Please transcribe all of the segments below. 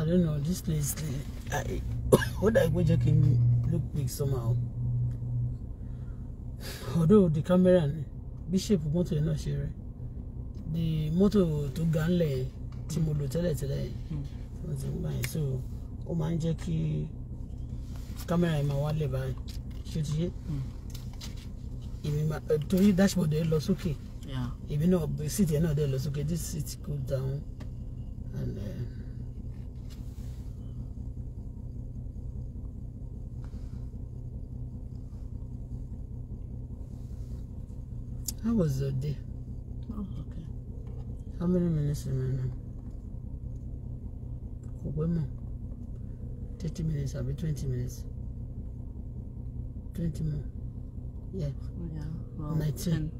I don't know, this place, I, what I go check look big somehow. Although the camera, and Bishop mọ́tò yẹn náà sure. the motor to ganle, ńlẹ̀ tí tele lò so ó máa ń jẹ́ kí kámẹ́rà yẹn máa wálẹ̀ báyìí ṣé ti ṣe èmi máa eh, torí dashboard yẹn lọ sókè èmi náà seat yẹn náà dẹ̀ lọ sókè this seat go down and. Uh, How was the day? Oh, okay. How many minutes remaining? Kò pẹ́ mọ́. Thirty minutes be twenty minutes? Twenty more. Yeah. Yeah. Well, nineteen.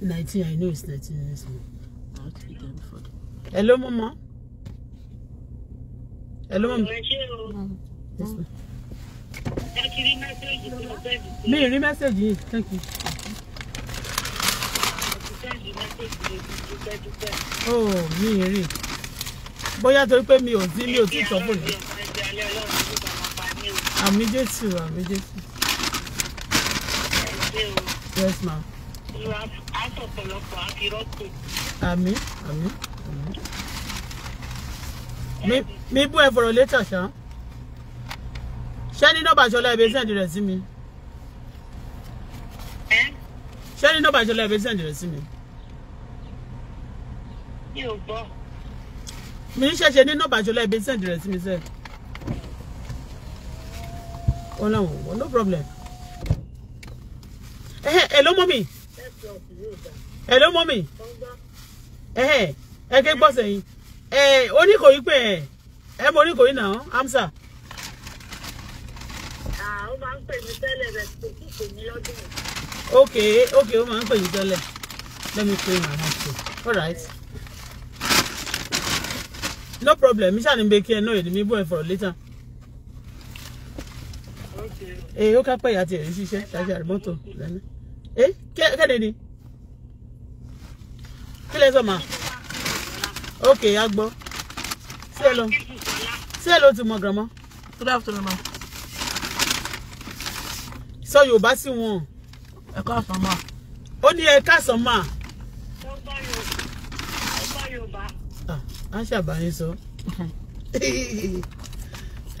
10. Nineteen. I know it's nineteen minutes more. I'll take them for the... Hello, Mama. Hello, Mama. Mm. Yes, ma'am. Mi rí mẹ́sẹ̀gì yìí, thank you ó mi ì rí bóyá torí pé mi ò sí mi ò tí ì tọ́pọ̀ ní. àmì jésù àmì jésù. yes ma. àmì àmì àmì. mi bú ẹ fọ̀rọ̀ létà ṣá. ṣé ní nọ́ọ̀bà aṣọ láìpẹ́ sẹ́ǹdì rẹ̀ sí mi. ṣé ní nọ́ọ̀bà aṣọ láìpẹ́ sẹ́ǹdì rẹ̀ sí mi mi ò gbọ́. mi ń ṣẹ̀ṣẹ̀ ní nọ́ọ̀bà ṣọlá ibi sẹ́ǹdì rẹ̀ sí mi sẹ́ẹ̀. ó náà no problem. ẹ̀hẹ̀ ẹ̀ ló mọ́ mi. ẹ̀ ló mọ́ mi. ẹ̀hẹ̀ ẹ̀ ké gbọ́ sẹ́yìn. ẹ̀ oníkòyí pé ẹ̀ ẹ̀ mọ oníkòyí náà amsa. ó máa ń pè mí tẹ́lẹ̀ rẹ̀ kò tí kò ní lọ́dún. ok ok ó máa ń pè mí tẹ́lẹ̀ let me pay my house bill all right. Yeah no problem mi ṣáà ní bẹ́ẹ̀ kí ẹ náà èdè mi bọ̀ ẹ̀ for later. ee ó kápẹ́ ìyá tiẹ̀ ń ṣiṣẹ́ ṣáṣẹ́ àrímọ́tò lẹ́nu. ee kéde ni kí can sọ ma ok a gbọ́ Okay, Agbo. Say hello. Say hello to my grandma. good afternoon ma. So sọ yorùbá sí I come from ma. Only I come from ma. wọ́n bá yorùbá á ṣàbáyé sọ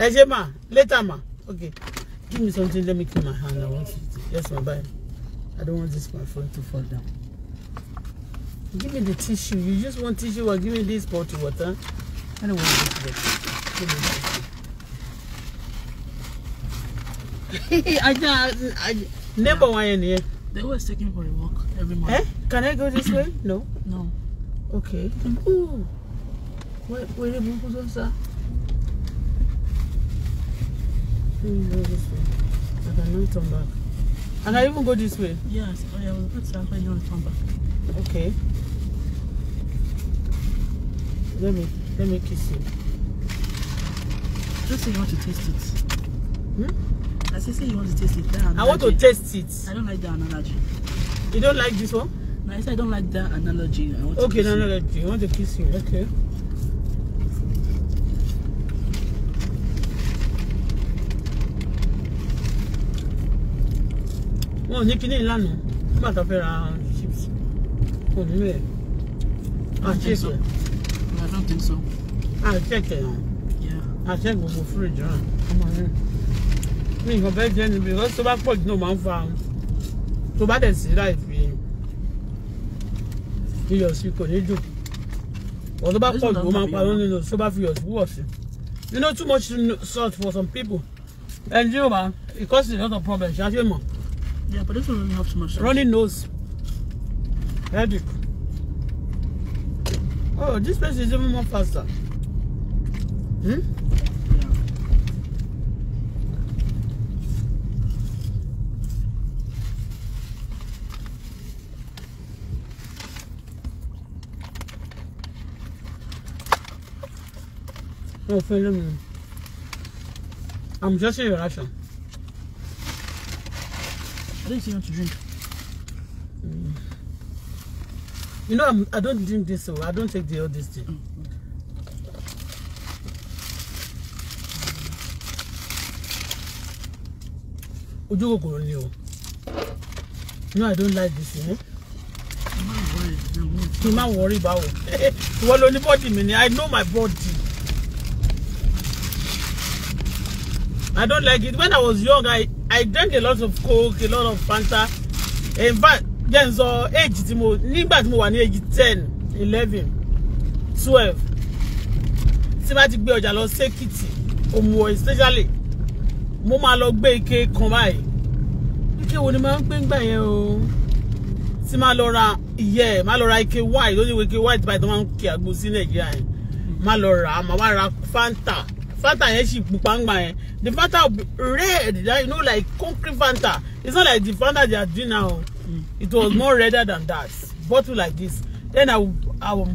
ẹ ṣe mà later mà okay give me something let me keep my hand i want it yes ma bye i don't want this my phone to fall down give me the tissue you just want tissue or give me this bottle water i don't want this bottle give me that. Aja, Aja, neighbor one in here. They always take me for a walk every morning. Eh? Can I go this way? No. No. Okay. Ooh wẹ́rẹ́ burúkú tó ń sá. I can even turn back. I even go this way. Yes, I will go to Afa. You want turn back? Okay. Let me let me kiss you. Just say you want to taste it. Hmm? I say say you want to taste it. That analogy. I want to taste it. I don't like that analogy. You don't like this one? No, I said I don't like that analogy. I want to okay, kiss analogy. You. I want to kiss you. Okay. wọn ò ní kíní ìlànà nígbà tó fẹ́ ra chips kò nínú ẹ̀ àṣekè àṣekè àṣẹ gbogbo fúrèjì rà ọmọ mi mi nǹkan fẹ́ jẹ́ níbi ìrọ́sí tó bá pọ̀ jù náà máa ń fa tó bá dẹ̀ sí láì fi iyọ̀ sí kò ní dùn ọ̀dọ́ bá pọ̀ jù ó máa ń parọ́ nínú tó bá fi iyọ̀ sí wúwọ̀ sí you know too much salt for some people ẹni tí yóò bá it causes a lot of problems ṣáṣẹ́ mọ̀. Yeah, but this one doesn't have too much. Running nose. Headache. Oh, this place is even more faster. Hmm? Yeah. Oh, film. I'm just a Russian. drink you want to drink? Mm. You know, I'm, I don't drink this, so I don't take the all this thing. Mm. you kòkòrò ni o no i don't like this eh? kí worry about it. Well, ìwọ ló ní i know my body i don't like it when i was young i I drank a lot of coke a lot of Fanta in fact jẹ́ n sọ age tí mo nígbà tí mo wà age ten eleven twelve tí bá ti gbé ọjà lọ sékìtì òmùwọ̀ especially mo máa lọ gbé ike kan báyìí ike wo ni máa ń gbé ń gbà yẹn o tí máa lọ ra ìyẹ́ ẹ̀ máa ra ike white lójú ike white báyìí tó máa ń kí àgbo sí nàìjíríà yẹn máa lọ rà ra Fanta fanta yẹn sì pupa ń gbà yẹn the fanta red you know like concrete fanta it's not like the fanta they are doing now mm. it was more redder than that bottle like this then i will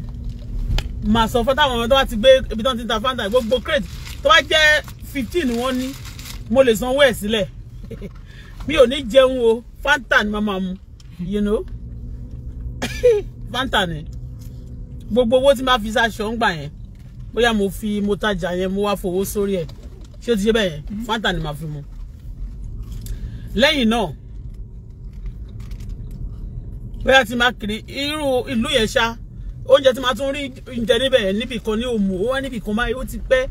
máa sọ fanta àwọn ọmọ tó bá ti gbé ibi tó ń ti fanta gbogbo crate tó bá jẹ́ fifteen wọ́n ní mo lè sanwó ẹ̀ sílẹ̀ mi ò ní jẹun o fanta ni màmá mu you know fanta ni gbogbo owó tí n bá fi ṣaṣọ ń gbà yẹn bóyá mo fi mo tajà yẹn mo wá fowó sórí ẹ̀ ṣé o ti ṣe bẹ́ẹ̀ yẹn mm-hmm. fanta ni màá fi mu lẹ́yìn náà bóyá ti máa kiri irú ìlú yẹn ṣá oúnjẹ tí máa tún rí oúnjẹ níbẹ̀ yẹn níbì kan ní òmù ó wá níbì kan báyìí ó ti pẹ́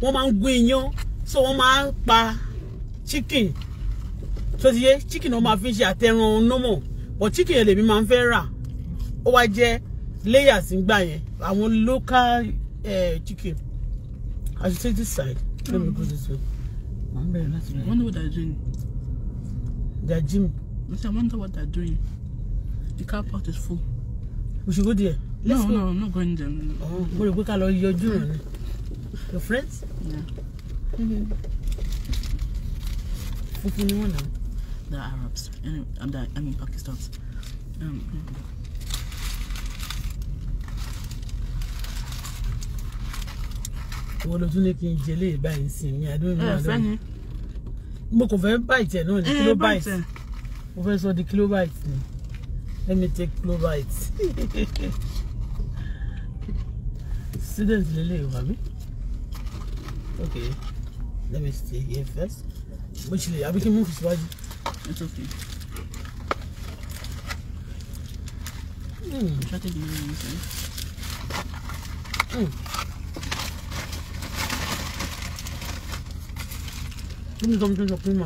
wọ́n máa ń gún iyán so wọ́n máa ń pa chicken tó ti yé chicken náà máa fi ṣe àtẹrun nọ́mọ̀ but chicken yẹn lèmi máa ń fẹ́ rà ó wá jẹ́ layers ń gbà yẹn àwọn local uh, Chike, I should take this side. Mm. Let me go hmm. this way. I wonder what they're doing. They're gym. I wonder what they're doing. The car park is full. We should go there. Let's no, go. no, I'm not going there. Oh, wait, we can doing. Your friends? Yeah. Mm-hmm. Fufu, you want The Arabs. Anyway, I'm, the, I'm in Pakistan. Um, mm-hmm. ìwọ ló tún ní kí n jẹ lè báyìí sí mi àdúgbò mi àdúgbò mo kò fẹ́ bite ẹ̀ náà ní kilobyte mo fẹ́ sọ di kilobyte ni let me take kilobyte student lele wa mi okay let me stay here first mo ṣe lè àbí kí n mú fi síwájú. 兄弟，咱们就做平民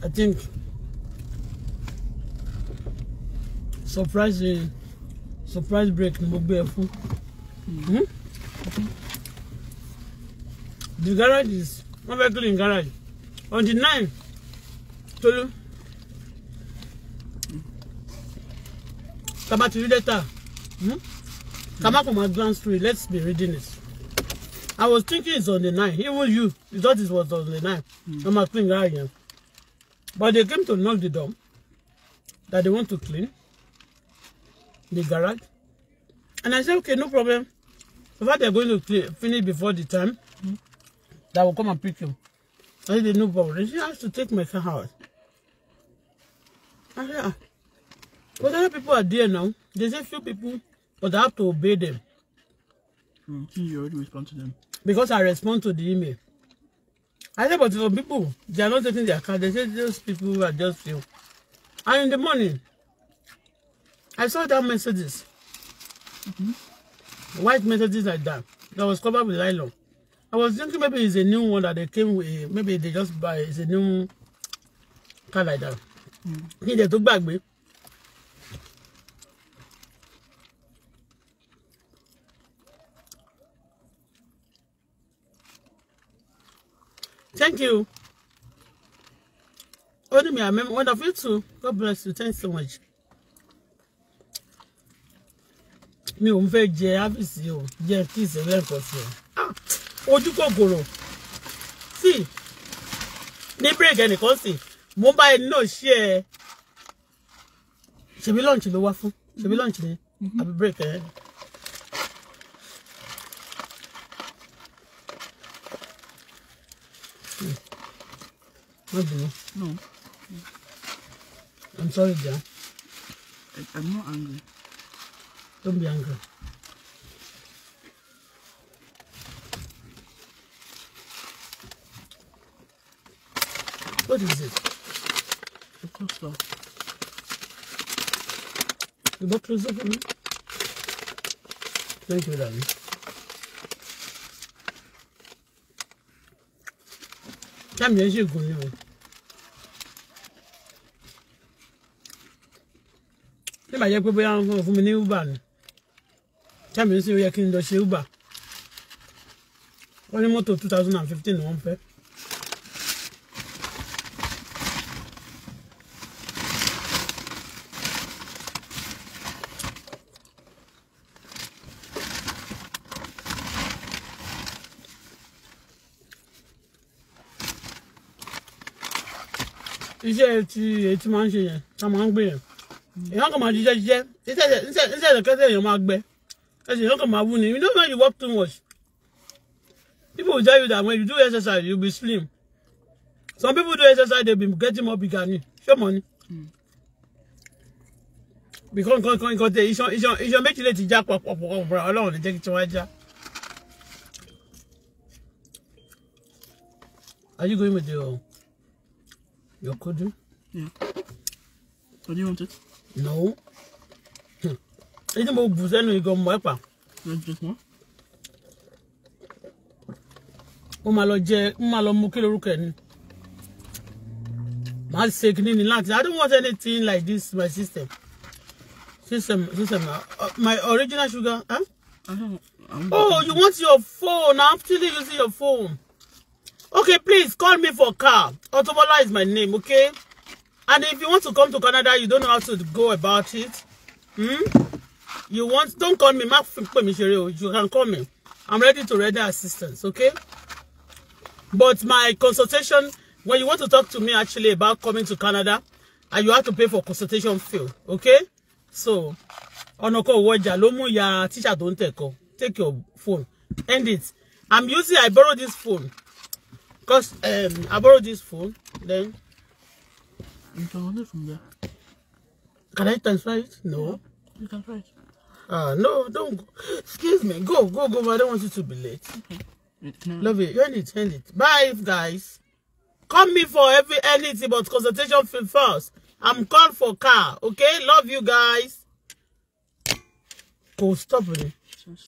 啊，进。surprise eh, surprise break ni mo gbé ẹ fún. Mm-hmm. the garage is wọ́n fẹ́ clean garage on the nine Tolu kaba ti rí lẹ́tà kaba kò máa glance through it let's be reading it I was thinking it's on the nine even you you thought it was on the nine mm. ọmọ clean garage yẹn but they came to knock the door that they want to clean the garage. And I said, okay, no problem. In fact, they're going to clear, finish before the time. that will come and pick you. I said, no problem. She has to take my car house. I said, ah. But other people are there now. There's a few people, but I have to obey them. mm You already respond to them. Because I respond to the email. I said, but for people, they are not taking their car. They say those people are just you. And in the morning, I saw that messages, Mm-hmm. White messages like that. That was covered with nylon. I was thinking maybe it's a new one that they came with. Eh, maybe they just buy it's a new car like that. they took back me. Thank you. Only me, I remember one of you too. God bless you. Thanks so much. mi ò ń fẹ́ jẹ áfíìsì o jẹ tíìsì lẹ́ẹ̀kan sí o ah, ojú kòkòrò sí ní bírèkì ẹnìkan sì mo bá ẹni náà ṣe ẹ ṣèbí lọ́ọ̀nchì ló wá fún ṣèbí lọ́ọ̀nchì ni mm-hmm. àbí bírèkì ẹ. Má hmm. No. I'm sorry, John. I'm not angry. Don't be What is it? The coleslaw. The bottle is open. Thank you, darling. Time you should go here. Ṣé màá jẹ́ pé bóyá wọ́n fún mi ní tẹ́mi ń sìn ó yẹ kí n lọ ṣe uber wọ́n ní mọ́tò two thousand ni wọ́n fẹ́. iṣẹ́ ti èyí tí máa ń ṣe yẹn tá máa ń gbé yẹn èèyàn kan máa jíjẹ́ jíjẹ́ níṣẹ́ ìṣẹ́ ìṣẹ́ ìṣẹ́ ìṣẹ́ èèyàn máa gbẹ You don't come wounding. You know when you walk too much. People will tell you that when you do exercise, you'll be slim. Some people do exercise, they'll be getting more bigger. Show money. Mm. Because because kan nǹkan tẹ iṣan iṣan iṣan méjì lè ti já papọ̀ ọ̀pọ̀ Ọlọ́run lè jẹ́ kí tí wọ́n Are you going with your your kudu? Yeah. What do you want it? No èyí mo bù sẹ́nu ìgò mọ̀ ẹ̀pà mo máa lọ jẹ mo máa lọ mú kí lorúkọ ẹ̀ ni màá ṣe kìíní ní láti I don't want anything like this my system system system uh, my original sugar huh? oh you want your phone I'm still using your phone okay please call me for car auto is my name okay and if you want to come to Canada you don't know how to go about it. Hmm? You want, don't call me, má pè mí ṣeré you can call me. I'm ready to render assistance, okay? But my consultation, when you want to talk to me actually about coming to Canada, and you have to pay for consultation fee, okay? So, Onoko Waja, Lomu ya teacher don't take Take your phone. End it. I'm using, I borrow this phone. Because um, I borrow this phone, then... You can order from there. Can I transfer it? No. Yeah, you can try it. Ah, no, don't. Go. Excuse me. Go, go, go. I don't want you to be late. Okay. Love it. End it, end it. Bye, guys. Call me for every anything but consultation fee first. I'm called for car. Okay? Love you guys. Go, stop it.